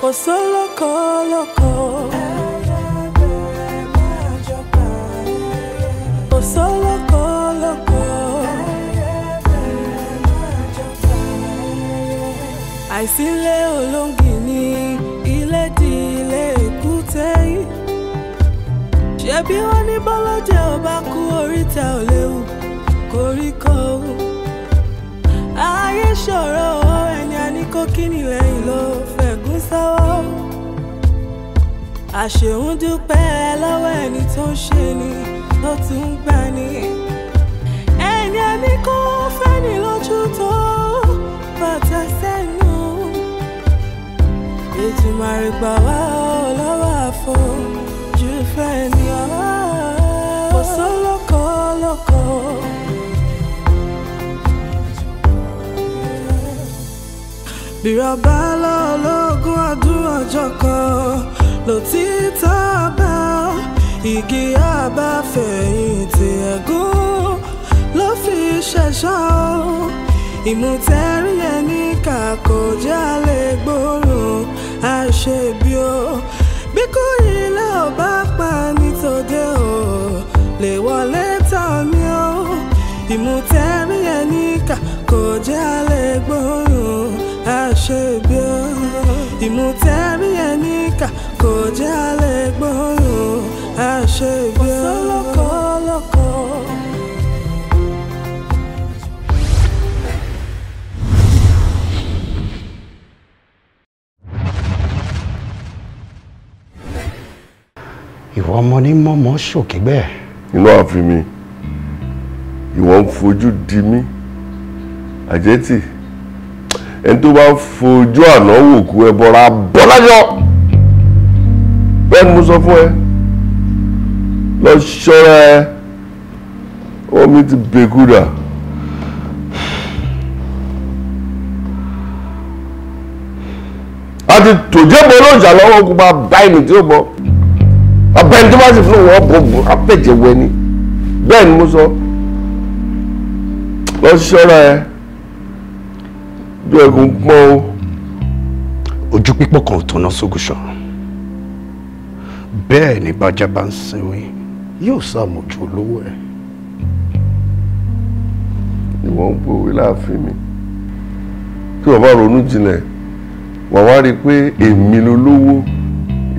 kò sólókó lóko. kò sólókó lóko. àìsílẹ̀ olóńgì ni ilé di ilé èkúté yìí. ṣebí wọ́n ní bọ́lọ́jẹ́ ò bá kú oríta ò léwu koríko wù. ayé ṣòro ẹni a ní kó kíni lẹ́yìn ló sọ́wọ́ àṣeun dúpẹ́ lọ́wọ́ ẹni tó ń ṣe ni tó tún ń gbà ní. ẹni ẹni kò fẹ́ni lójú tó bàtà sẹ́nu ètùmọ̀ àrègbà wà ó lọ́wọ́ àfọ̀ jù fẹ́ ni ọ̀rọ̀. bírọ̀bá lọ lógún ọdún ọjọ́ kan ló ti tọ́ ọba igi ọba fẹ̀yìntì ẹ̀gún ló fi ṣẹ̀ṣọ́ ìmùtẹ́rí ẹni kà kò jẹ́ àlẹ́ gbòòrùn àṣebí o bí kò ilé ò pa nítòde o lè wọlé tán mi o ìmùtẹ́rí ẹni kà kò jẹ́ àṣebí o ìmùtẹ́rí ẹni kà kò jẹ́ alẹ́ gbòòrò àṣebí o. ọ̀sọ́lọ́kọ̀ọ́lọ́kọ̀. ìwọ ọmọ ní mọ́mọ́ ṣòkígbẹ́. inú ààfin mi ìwọ ń fojú di mí àjẹtì ẹni tó bá fojú àná wò kú ẹ bọ́ra bọ́ lájọ́ bẹ́ẹ̀ ni mo sọ fún ẹ lọ ṣọ́ra ẹ omi ti bèkú dà. a ti tòjẹ́ bọ́ lóòjà lọ́wọ́ kó bá bá ẹni tí ó bọ́ abẹ́ni tó bá sì fún wọn bọ̀ bọ̀ apẹ̀jẹ̀ ni bẹ́ẹ̀ ni mo sọ lọ ṣọ́ra ẹ bí ẹ̀gùn pọ́n o. ojú pípọ̀ kan ò tọ́nà sógùsàn bẹ́ẹ̀ ni bájá bá ń sinmi yóò sàmójú olówó ẹ̀. ìwọ ń gbòwe láàfin mi tí wọ́n bá ronú jinlẹ̀ wàá wá rí i pé èmi lolówó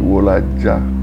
ìwọ la já. Ja.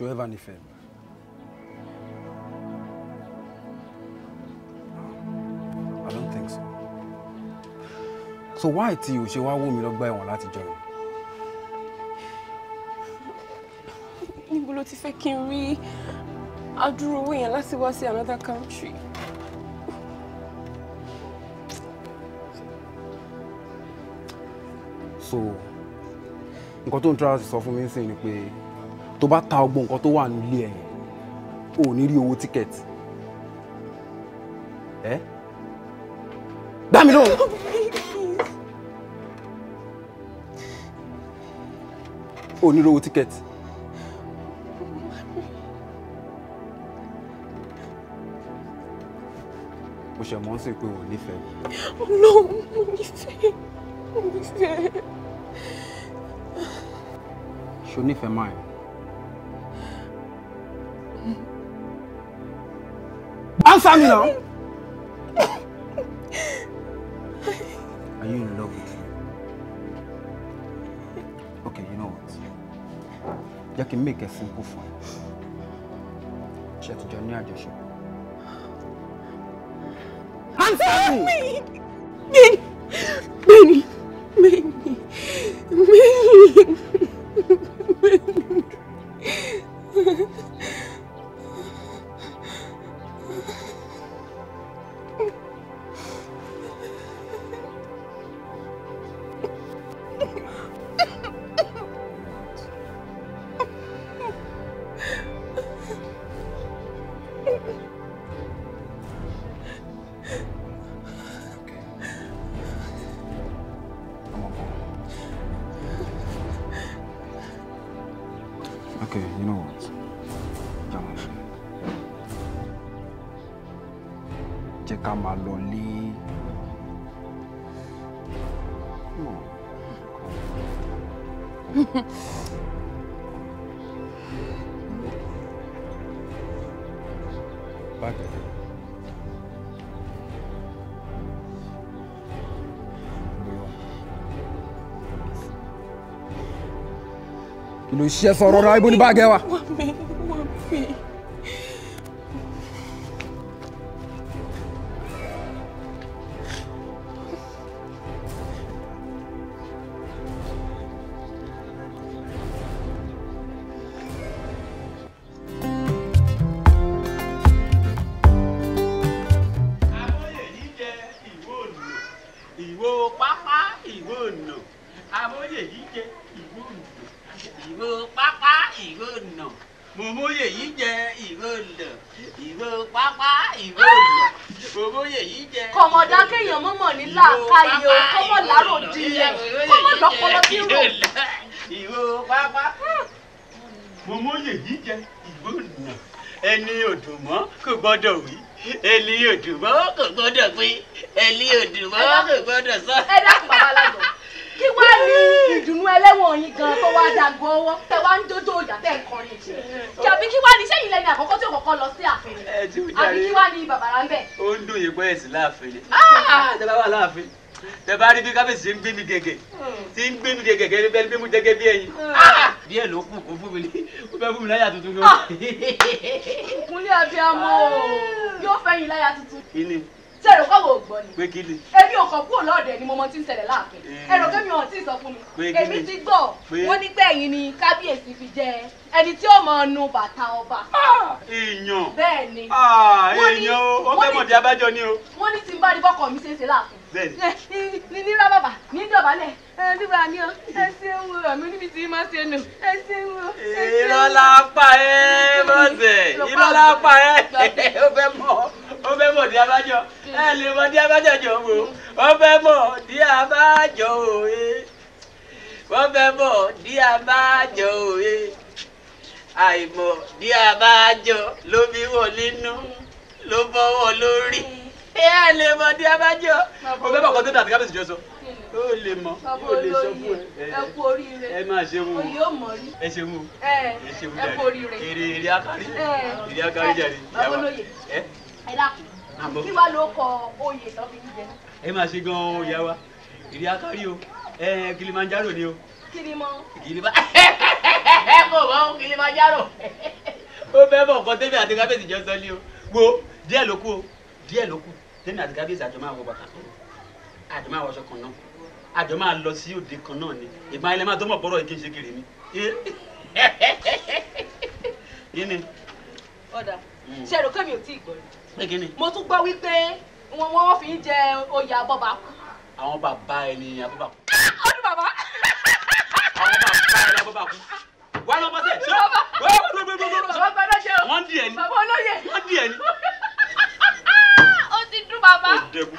ṣé o ever nífẹ̀ẹ́ I don't think so. So why tí o ṣe wá wò mí lọ́gbà ẹ̀wọ̀n láti jọ yìí? Níbo ló ti fẹ́ kí n rí adúrú owó yẹn láti wá sí another country? So nǹkan tó ń tọ́ra sọ fún mi sí ni pé tó bá ta ọgbọ́n nǹkan tó wà nílé ẹ̀yìn o ò ní rí owó tíkẹ́ẹ̀tì ẹ́ dá mi lóhùn. o ò ní rí owó tíkẹ́ẹ̀tì. mo ṣe mọ́ sí pé o ò nífẹ̀ẹ́. no mo nífẹ̀ẹ́ mo nífẹ̀ẹ́. ṣo nífẹ̀ẹ́ máa yẹn. Answer me now. Are you in love with me? Okay, you know what? Jẹ́ can make a simple phone. ẹ. Ṣé ti jọ ní àjọṣepọ̀? Answer me! apá kan. kí ló ṣe sọ̀rọ̀ rárá wa. mọ́mọ́ ní làákàyè o kọ́mọ̀ lárò dilẹ̀ kọ́mọ̀ lọ́pọlọ bí rò. ìwọ pápá mo mọyè yìí jẹ ìwọ nà ẹni òdùnmọ́ kò gbọ́dọ̀ wí ẹni òdùnmọ́ kò gbọ́dọ̀ pé ẹni òdùnmọ́ kò gbọ́dọ̀ sọ. ẹ dákun bàbá alájọ kí wá ní ìdùnnú ẹlẹ́wọ̀n yín gan tó wá dàgbọ́ ọwọ́ tẹ wá ń dójó ìyá tẹ̀ ń kọrin jì jàbí kí wá ní sẹ́yìn lẹ́ni àkọ́kọ́ tí òkọ́kọ́ lọ sí ààfin àbí kí wá ní bàbá rámbẹ̀. ó ń dùn yín pẹ́yẹ̀sì láàfin ni ah! ah, tẹ́lá wà láàfin tẹ́lá rí bí kábíyèsí ń gbé mi gègé hmm. tí ń gbé mi gègé gẹ́gẹ́ bẹ́ẹ̀ ni mo jẹ́gẹ́ bí ẹyin. Hmm. Ah! díẹ̀ ló kù kó fún mi ní ó fẹ́ fún mi láyà tuntun ló. ìkúnlẹ̀ abiyamọ yóò fẹ́yìn láyà tuntun. kí ni ṣe rò pàwọ̀ ògbọ́n ni. pé kí ni. èmi ò kàn kúrò lọ́ọ̀dẹ̀ ni mo mọ tí ń ṣẹlẹ̀ láàfin. ẹ̀rọ kẹ́mi ọ̀hún tí ì sọ fún mi. èmi ti gbọ́ wọ́n ní pé ẹ̀yin ni kábíyèsí fi jẹ ẹni tí ó mọ nu bàtà ọba. Ah! èèyàn bẹ́ẹ̀ ni. Ah, èèyàn o ó fẹ́ mọ̀dí abájọ ni o. wọ́n ní tí n bá ní bọ́kọ̀ mi ṣe é ṣe láàfin. bẹ́ẹ̀ni. ní ní rábàbà ní dọ̀bálẹ̀ ẹ bíbá ni mi níbi tí máa ṣe nù ẹ ṣeun ọ. ìrọ̀lá pa ẹ́ bọ́sẹ̀ ìrọ̀lá ó fẹ́ mọ̀ dí abájọ ẹ lè mọ̀ dí abájọ jọ wò ó fẹ́ mọ̀ dí abájọ òye wọ́n fẹ́ mọ̀ dí abájọ òye àìmọ̀ dí abájọ ló bí wọ̀ nínú ló bọ́wọ́ lórí ẹ lè mọ̀ dí abájọ. mo fẹ́ mọ̀ kọ́ tó dàbí kábíyèsí jọ sọ yóò lè mọ yóò lè sọ fún ẹ ẹ kú oríire ẹ máa ṣe wo ẹ ṣe wo ẹ ṣe wo jàre èrè èrè akari èrè akari jàre yàrá ẹ ẹ dàkún ah, kí wàá ló kọ oyè tó fi jẹ. ẹ máa ṣe gan-an ìyá wa ìrì akárí o Kilimanjaro ni o. kilimọ. kò mọ Kilimanjaro ó bẹ́ẹ̀ bọ̀ nǹkan tẹ́mi àti kábíyèsí jọ sọ o wo díẹ̀ ló kù o díẹ̀ ló kù tẹ́mi àti kábíyèsí àjọ máa bàtà àjọ máa wọṣọ kan náà àjọ máa sí òde kan náà ni ìgbà ilẹ̀ máa tó mọ̀ bọ́rọ̀ igi ṣe kiri ni. yín ni. ọ̀dà ṣe é ro kẹ́mi ò tí ì gbọ́ mo tún gbọ́ wípé wọn wọ́n fi ń jẹ oyè abọ́bà. àwọn bàbá ẹni abọ́bà kú. ọdún ah, bàbá. àwọn bàbá ẹni abọ́bà kú. wà á lọ bọ́sẹ̀ ṣé bàbá olóye o. wọ́n di ẹni. bàbá olóye. wọ́n di ẹni. o ti dún bàbá. o dẹ̀kun.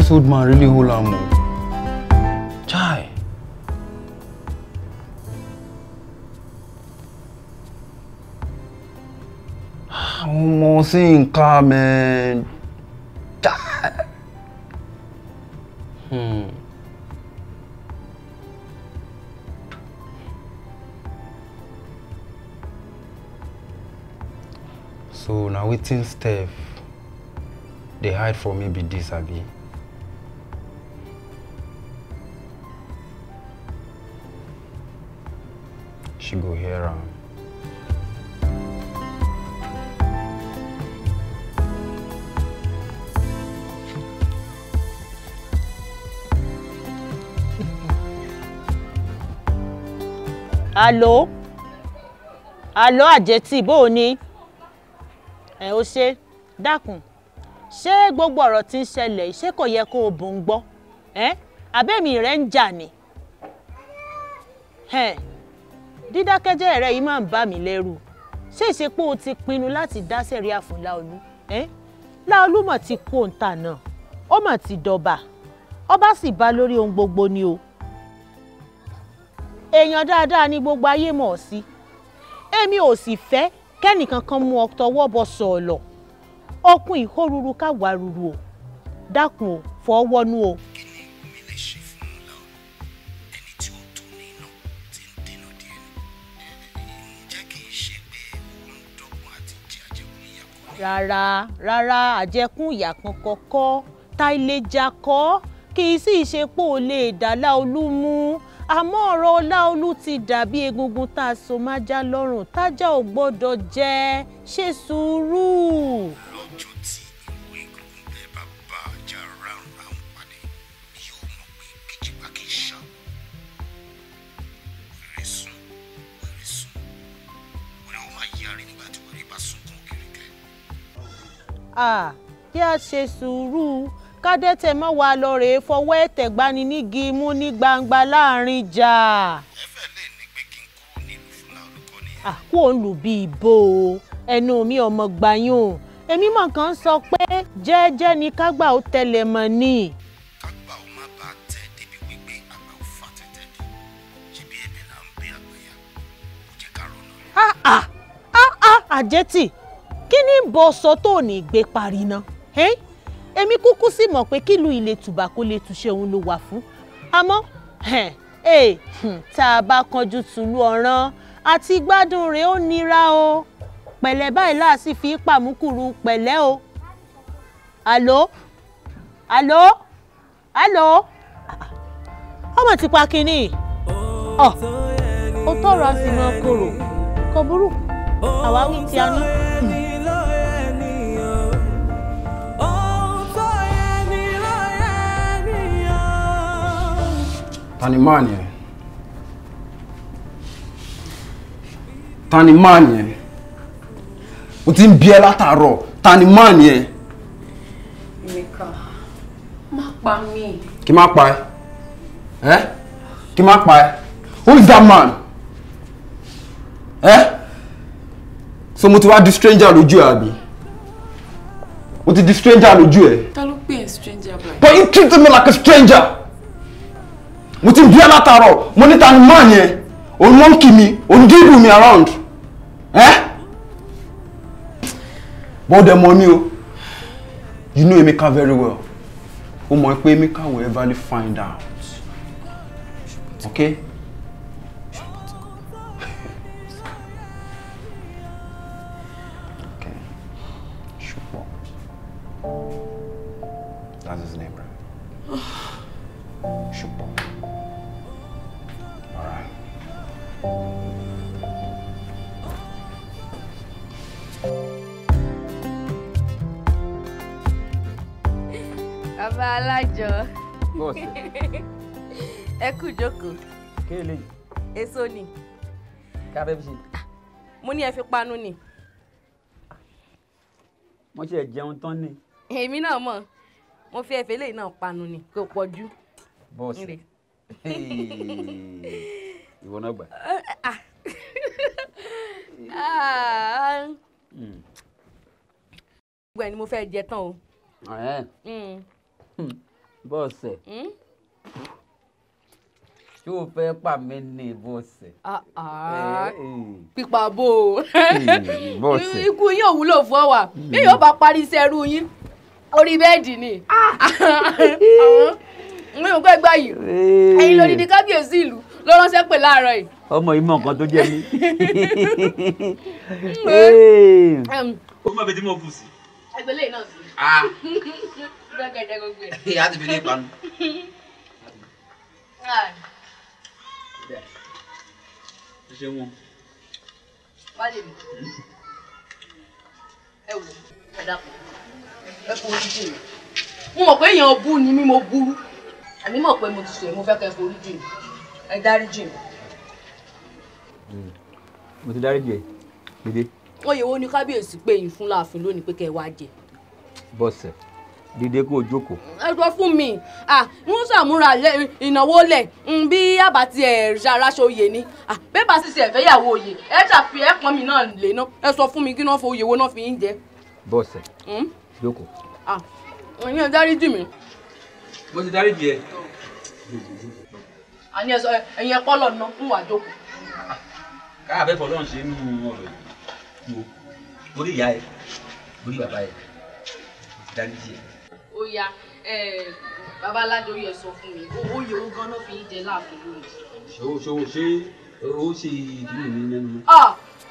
This old man really hold am o. Chai. Àwọn ọmọ sí nǹkan Chai. Hmm. So na wetin Steph dey hide for me be dis abi? she go hear am. Um. alo alo Ajeti bó o ní ẹ ó ṣe dákun ṣé gbogbo ọ̀rọ̀ tí ń ṣẹlẹ̀ ṣé kò yẹ kó o bò ń gbọ́ ẹ abẹ́mi rẹ̀ ń jà ni. Hey. dídákẹ́jẹ́ rẹ yìí máa ń bà mí lẹ́rù ṣé ìṣe pé o ti pinnu láti dá sẹ̀ríà fún láolú láolú mọ̀ ti kú òǹtà náà ó mọ̀ ti dọ̀bà ọba sì bá lórí ohun gbogbo ni o èèyàn dáadáa ni gbogbo ayé mọ̀ ọ́ sí èmi ò sì fẹ́ kẹ́nìkankan mú ọ tọwọ́ bọ sọ̀ọ̀lọ̀ ọkùn ìhóruru káwàá ruru o dákun o fọwọ́nú o. rárá rárá àjẹkún ìyà kan kọ́kọ́ táìlẹ́jà kọ́ kì í sì ṣe pé ò lè dá láolú mú àmọ́ ọ̀rọ̀ ọláolú ti dàbí egungun tá a so májá lọ́rùn tájà ò gbọ́dọ̀ jẹ́ ṣe sùúrù. lọ́jọ́ tí kí a ṣe sùúrù kádẹ́tẹ̀ mọ́ wa lọ rèé fọwọ́ ẹ̀tẹ̀ gbani nígi mú ní gbangba láàrin jà. ẹ lè ní pé kí n kúrò nílùú fúnra olùkọ́ ni. àkó òǹlù bí ìbò ẹnu mi ọmọ gbayún èmi mọ̀ kàn sọ pé jẹ́ẹ́jẹ́ ni kágbà ó tẹlẹ̀ mọ́ ni. kágbà ó má bàa tẹ débi wípé àgbà ó fà tẹ́tẹ́ dé ṣebí ẹ̀bẹ̀ là ń bẹ àgbẹ̀yà kò jẹ́ ká rọ̀nà. àjẹtì níbọ̀sọ tó ní gbé parí ná èmi kúkú sì mọ̀ pé kílù ilé tùbà kó lè túnṣe òun ló wà fún àmọ́ eh, tá a bá kanjú tùlú ọ̀ràn àti gbádùn rẹ̀ ó nira o pẹ̀lẹ́ báyìí láàsì fi pàmùkùrù pẹ̀lẹ́ o àló àló àló ọmọ ti pa kínní ọ ó tọrọ àsìmọ kòrò kò burú àwáwí tí a ní. Tani máa Tani máa nìyẹn? O ti ń bí ẹ látàárọ̀, tani máa nìyẹn? Emeka, má pa mí. Kí má pa ẹ? Ẹ́ kí má pa ẹ? Who is that man? eh? so mo ti wá di stranger lójú abi. àbí? O ti di stranger lójú ẹ? Ta ló pè stranger báyìí? But you treat me like a stranger mo ti ń bí ẹ látàárọ̀ mo níta ni máa yẹn òun ló ń kì mí òun dídùn mi around ẹ bọ́dẹ̀ mọ mi o you know Emeka very well o mọ̀ pé Emeka will ever find out okay. Bàbá alájọ. Bọ́ọ̀sì. Ẹ kú jókòó. Kéèlè. Èso ni. Kábẹ́bí ṣe. Ah, mo ní ẹ fi panu ni. Mo ṣe jẹun tán ni. Èmi náà mọ̀, mo fi ẹ̀fẹ́ lè náà panu ni, kò pọ̀ Bọ́ọ̀sì ìwọ náà gbà. Ah. Hmm. gbogbo ẹ̀ ni mo fẹ́ jẹ tán o. Hmm. Hmm. bọ́ọ̀sẹ̀ tí o fẹ́ pa mí ní bọ́ọ̀sẹ̀. Ah, ah. eh, eh. pípa bò ó ikú yín ò wúlò fún ọ wà bí yóò bá parí iṣẹ́ ẹrú yín orí bẹ́ẹ̀dì ni mi ò gbẹ́gbá yìí eh. ẹ̀yin lòdì ní kábíyèsí ìlú ló ránṣẹ́ pè láàárọ̀ yìí. ọmọ yìí mọ nǹkan tó jẹ mí. Um, ó mọ̀ bí tí mo kù sí. ẹgbẹ́lẹ́ náà sí. Ah. gbẹ́gẹ́dẹ́ gbogbo ẹ̀. ìyá ti fi lé panu. ṣé wọn. wálé mi ẹ wò mo mọ̀ pé èèyàn bú ni mí mo burú àmì mọ̀ pé mo ti sọ èyí mo fẹ́ kẹ́ forí jù mí ẹ dáríjì mi. Hmm. mo ti dáríjì ẹ dédé. oyè wo ni kábíyèsí pé yín fún láàfin lónìí pé kẹ́ ẹ wá jẹ. bọ́sẹ̀ dídé kó o jókòó. ẹ sọ fún mi wọ́n ṣàmúra ìnáwó lẹ̀ hmm, bí àbá ti ẹ̀ ṣaraṣọ oyè ni bébà sì ṣe ẹ̀fẹ́yàwó oyè ẹ ṣàfi ẹ̀pọ̀n mi náà lè ná ẹ sọ fún mi kí náà fọ oyè wo náà fi ń jẹ. bọ́sẹ̀ hmm? jókòó. ẹ̀yin ẹ dáríjì mi. mo ti dáríjì ẹ àní ẹ̀yin ẹ̀pọ̀ lọ́nà ń wà jókòó. káyà bẹ́ẹ̀ fọlọ́run ṣe nínú ọ̀rọ̀ yìí orí ìyá ẹ̀ orí bàbá ẹ̀ darí díẹ̀. ó ya babalájo yẹ sọ fún mi owó yòówó ganan fi ń jẹ láàfin lónìí. ṣé ṣé ṣé ó ṣe ìdílé mi lẹ́nu.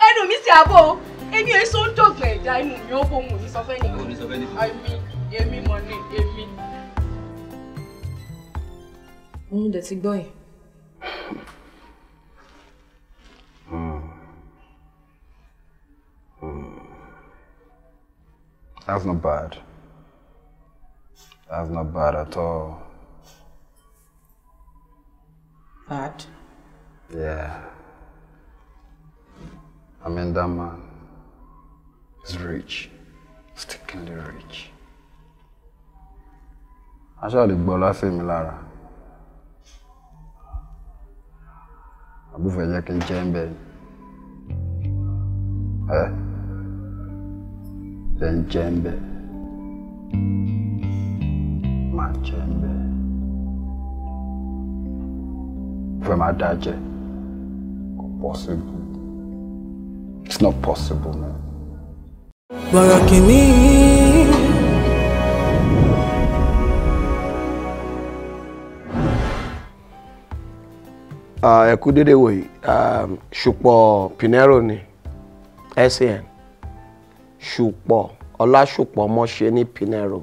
ẹnu mi ti àbọ̀ èmi èso ń dọ̀gbẹ̀ ẹ̀dá inú mi ó bóun ò sọ fẹ́ni. ò ní sọ fẹ́ni. èmi èmi mọ̀ ni èmi. òun ti gbọ́ yìí That's not bad. That's not bad at all. Bad? Yeah. I mean, that man is rich. Stickingly rich. I saw the Bola Femilara. Abu Fajakin Chamber. Eh? lẹ́ ń jẹ́ ń bẹ̀ máa jẹ́ ń bẹ̀ possible it's not possible man. gbọ̀rọ̀ kìíní. ẹ̀kú dédé wòyí ah, ṣùpọ̀ pinero ni SAN ṣùpọ̀ ọlásùpọ̀ mọ́ṣe ní pinero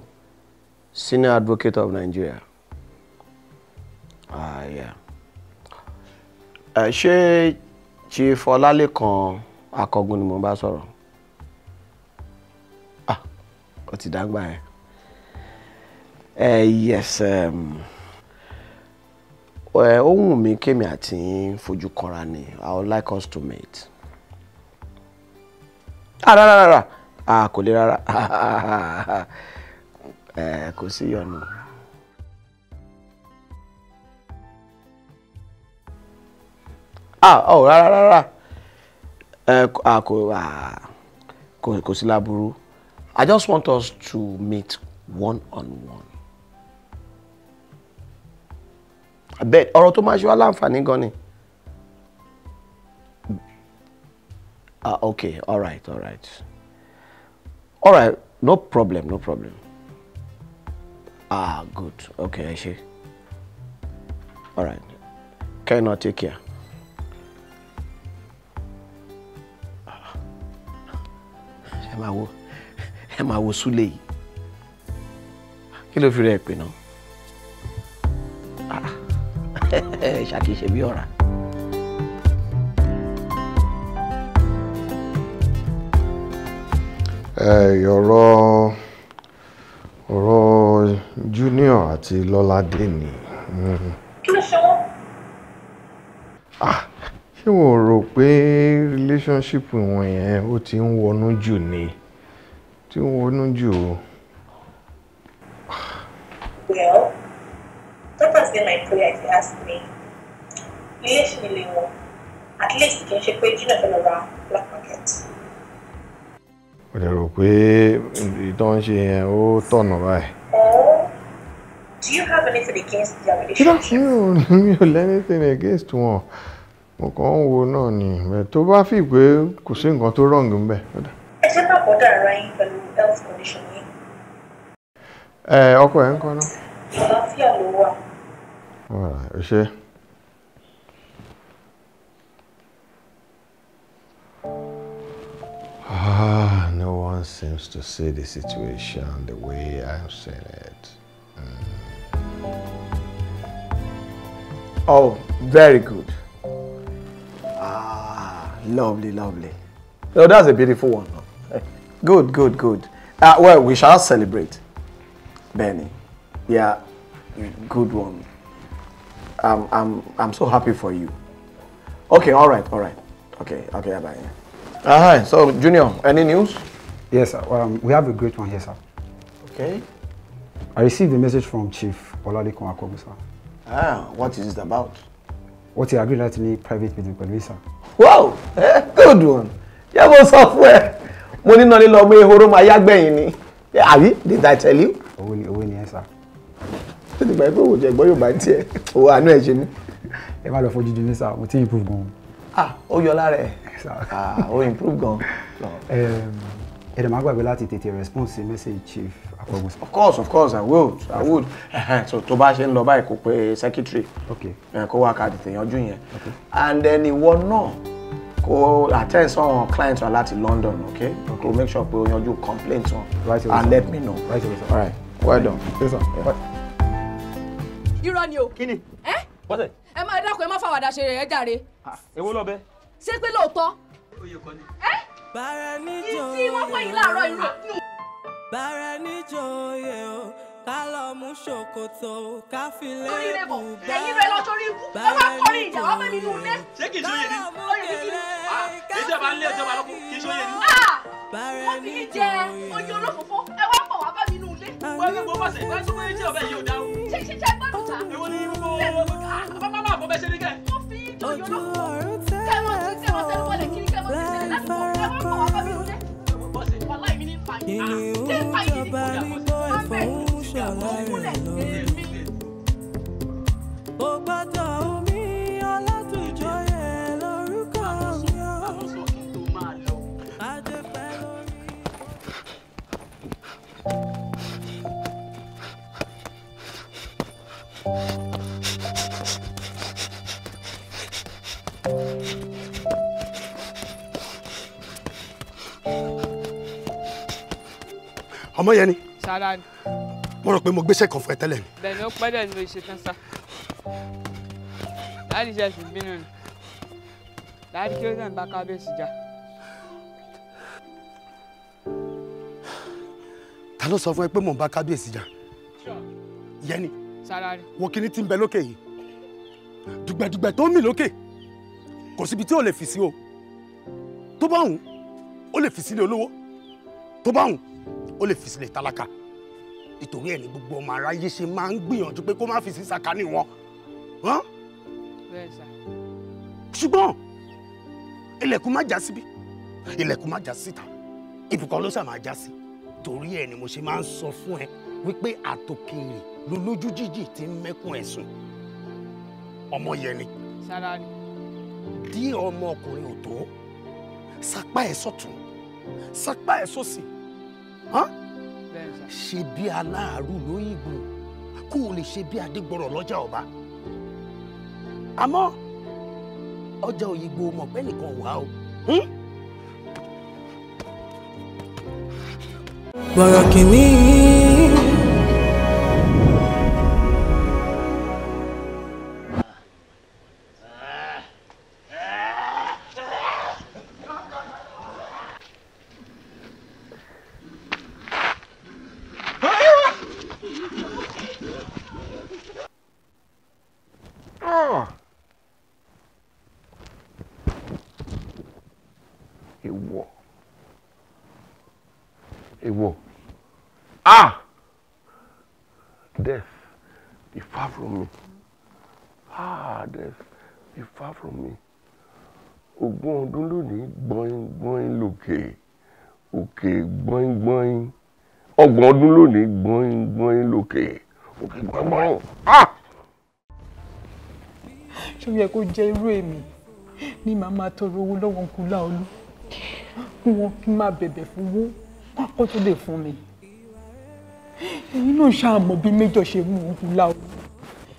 senior advocate of Nigeria. Ah, yeah. uh, ṣé chief ọlálẹ́kan akọgun ni mo bá sọ̀rọ̀ ah ó ti dágbà ẹ ẹ yes um, ẹ ó wù mí kémi àti fojú kanra ni I would like us to meet. Ah, rárá rárá. Ra, a kò le rárá kò sí ìyọnu. ọ̀ rárá rárá kò kò sí láburú I just want us to meet one on one. bẹ́ẹ̀ ọ̀rọ̀ tó máa ṣe wá láǹfààní gan ni. Uh, okay, all right, all right all right no problem no problem ah good okay I see. all right can kẹ́hìnà take care. Ah. ẹ máa wo ẹ máa wo súlé yìí kí ló fi rẹ̀ pè náà ah. ṣàkíyèsí bí ọ̀ràn. Eh, ọ̀rọ̀ ọ̀rọ̀ junior àti lọ́ládé ni. Hmm. kí ló ṣe wọ́n. Ah, ṣé o rò pé relationship wọn yẹn ó ti ń wọnú jù ni ti ń wọnú jù o. well that has been my prayer if you ask me relation ilé wọn at least kì í ṣe pé junior fẹ́ lọ ra black market kò you have anything against the relationship? mi ò lẹ́nìtìn against wọn mo kàn wo náà ni tó bá fi pé kò sí nǹkan tó wrong ń bẹ̀. ẹ jẹ́ bá bọ́dà health condition yín. ẹ ọkọ ẹ ń kọ́ náà. àlàáfíà ló wà. ọ̀rọ̀ ẹ Ah, no one seems to see the situation the way I'm seeing it. Mm. Oh, very good. Ah, lovely, lovely. Oh, that's a beautiful one. Good, good, good. Uh, well, we shall celebrate, Benny. Yeah, good one. I'm, I'm, I'm so happy for you. Okay, all right, all right. Okay, okay, bye. Uh ah, -huh. So, Junior, any news? Yes, Um, we have a great one here, sir. Okay. I received a message from Chief Oladekun Akogu, sir. Ah, what is it about? What you agreed láti ní private the police, sir. Wow! Eh, good one. Yẹ mo sọ fún Money Mo ní nọ́lé lọ mú ehoro máa yágbẹ̀yìn ni. Eh, àbí did I tell you? Oh, ni owó ni ẹ sà. Ṣé ti gbà pé òwò jẹ gbọ́ yóò bá tiẹ̀? Owó àánú ẹ̀ ṣe mí. Ẹ má lọ fojú di mí sà, improve gan. Ah, oh yọ lára ah o improve gan. ẹ dẹ̀ máa gbàgbé láti tètè response sí message chief akọgun. of course of course i would i would so tó bá ṣe ń lọ báyìí kó pe secretary eh, kó wá ká tètè yanjú yẹn and then ìwọ náà kó attend some clients wa láti London okay kó make sure pé o yanjú complaint wọn and let me know all right well done. irọ́ ni o. kí ni. Eh? ẹ máa dákun ẹ má fàwàdà ṣe rẹ̀ ẹ jàre. Ah, èwo lọ bẹ́ẹ̀ ṣé pé lóòótọ́. bàrà níjọ yẹ o ìtì wọ́n pè yín láàárọ̀ irú àánú. o ká lọ mú ṣòkòtò ká fi lé ibù bá rẹ lọ sórí ibù ẹ wá kọrin ìjà wọn bẹ nínú ilé. ṣé kì í sóye ni ìjọba ń lé ìjọba lóko kì í sóye ni. wọ́n fi jẹ oyin olófòfó ẹ wá pọ̀ wá bá mi nínú ilé. wọ́n fi gbogbo ọ̀sẹ̀ ìgbà tó wọ́n ṣe ọ̀bẹ yìí ò dáhùn. ṣé ṣe ṣe gbọ́dọ̀ ta. èwo ni mo. àbámọ́ máa bọ́ bẹ́ẹ̀ ṣe ní kẹ́. wọ́n fi oyin olófòfó kan. kìnìún jọba ọmọ yẹn ni. sara ni. mo rò pé mo gbéṣẹ́ kan fún ẹ tẹ́lẹ̀ ni. bẹ́ẹ̀ni ó pẹ́ dẹ̀ ni mo ṣe tán sá. láti ṣe ẹ̀sìn bínú ni láti kí ó náà bá kábíyèsí jà. ta ló sọ fún ẹ pé mò ń bá kábíyèsí jà. yẹn ni. sara ni. wo kíní tí ń bẹ lókè yìí dùgbẹ̀dùgbẹ̀ tó ń mì lókè kò síbi tí ò lè fi sí o tó bá wù ú ó lè fi sílé olówó tó bá wù ú ó lè fi sílẹ̀ tálákà nítorí ẹ̀ ní gbogbo ọmọ aráyé ṣe máa ń gbìyànjú pé kó má fi sí sàkání wọn. ṣùgbọ́n ilẹ̀kùn má já síbí ilẹ̀kùn má já síta ibùkún ló sàmà já sí torí ẹ̀ ni mo ṣe máa ń sọ fún ẹ wípé àtòkèrè ló lójú jíjì tí ń mẹ́kún ẹ̀sùn ọmọ yẹn ni. sára ọmọ ọkùnrin ò tó sápá ẹ̀ sọ́tún sápá ẹ̀ sósì ṣe bí aláàrú lóyìnbó kó o lè ṣe bí adégbọrọ lọ́jà ọba àmọ́ ọjà òyìnbó mọ̀ pé nìkan wà o. Hm? gbọ̀rọ̀ kìíní ọdún lónìí gbọ́n gbọ́n lókè òkè gbọ́n gbọ́n. Ah! ṣé ó yẹ kó jẹ́ irú èmi ní màá máa tọrọ owó lọ́wọ́ ń kú láolú kí wọ́n fi máa bẹ̀bẹ̀ fún owó kó tó lè fún mi èyí náà ṣàmọ̀ bí méjọ ṣe mú un kú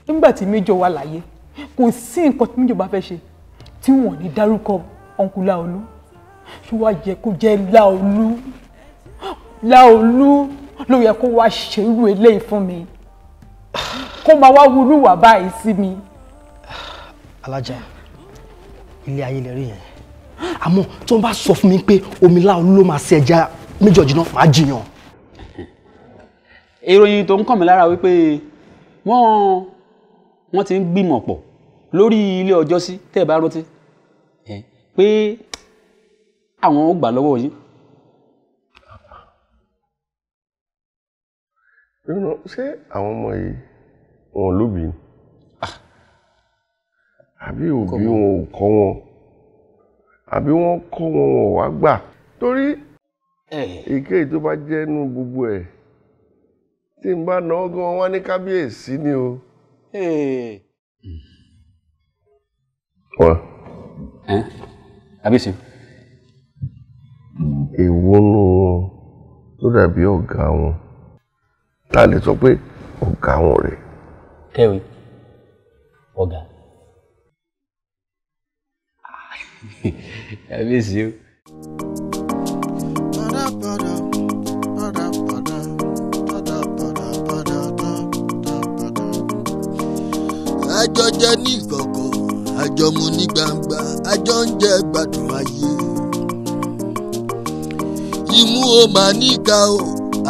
nígbà tí méjọ wà láyé kò sí nǹkan tí méjọ bá fẹ́ ṣe tí wọ́n ní dárúkọ ọ̀nkú láolú ṣé wàá yẹ kó jẹ́ láolú láolú ló yẹ kó wá ṣerú eléyìí fún mi kó máa wá wúrúwà báyìí sí mi. alájà ilé ayé lè rí yẹn àmọ́ tó ń bá sọ fún mi pé omi láwọn ló máa ṣe ẹja méjọ̀jì náà máa jiyàn. ìròyìn tó ń kàn mí lára wípé wọ́n wọ́n ti ń gbìmọ̀ pọ̀ lórí ilé ọjọ́sí tẹ́ ẹ bá rántí pé àwọn ò gbà lọ́wọ́ yín lọ́nà ṣé àwọn ọmọ yìí wọn lóbi ni ah. àbí òbí wọn ò kọ́ wọn àbí wọ́n kọ́ wọn wọn wá gbà torí èkéyìí tó bá jẹ́ nú gbogbo ẹ̀ tí n bá náwó gan wá ní kábíyèsí ni o. wọ́n. kábíyèsí. èwo wọn ló dàbí ọ̀gá wọn tá a lè sọ pé ọ̀gá wọn rè. kẹwì ọ̀gá kábíyèsí o. àjọ jẹ ní ìkọ̀kọ̀ àjọ mu ní gbangba àjọ ń jẹ gbádùn ayé imú o máa níka o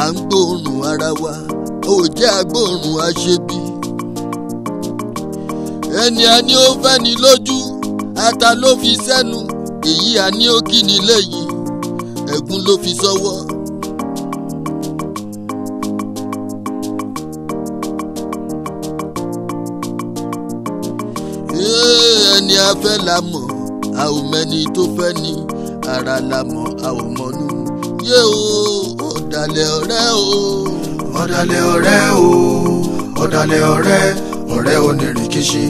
à ń gbóòórùn ara wa ò jẹ́ agbóòrùn àṣebí ẹni a ní ó fẹ́ni lójú ata ló fi sẹ́nu èyí a ní ó kí ni léyìí ẹ̀gún ló fi sọ́wọ́. ẹni a fẹ́ la mọ̀ a ò mẹ́ni tó fẹ́ ni ara la mọ̀ a ò mọ̀nú yé o ọ̀dàlẹ̀ ọ̀rẹ́ o ọ̀dàlẹ̀ ọ̀rẹ́ o ọ̀dàlẹ̀ ọ̀rẹ́ ọ̀rẹ́ onírìkìṣí.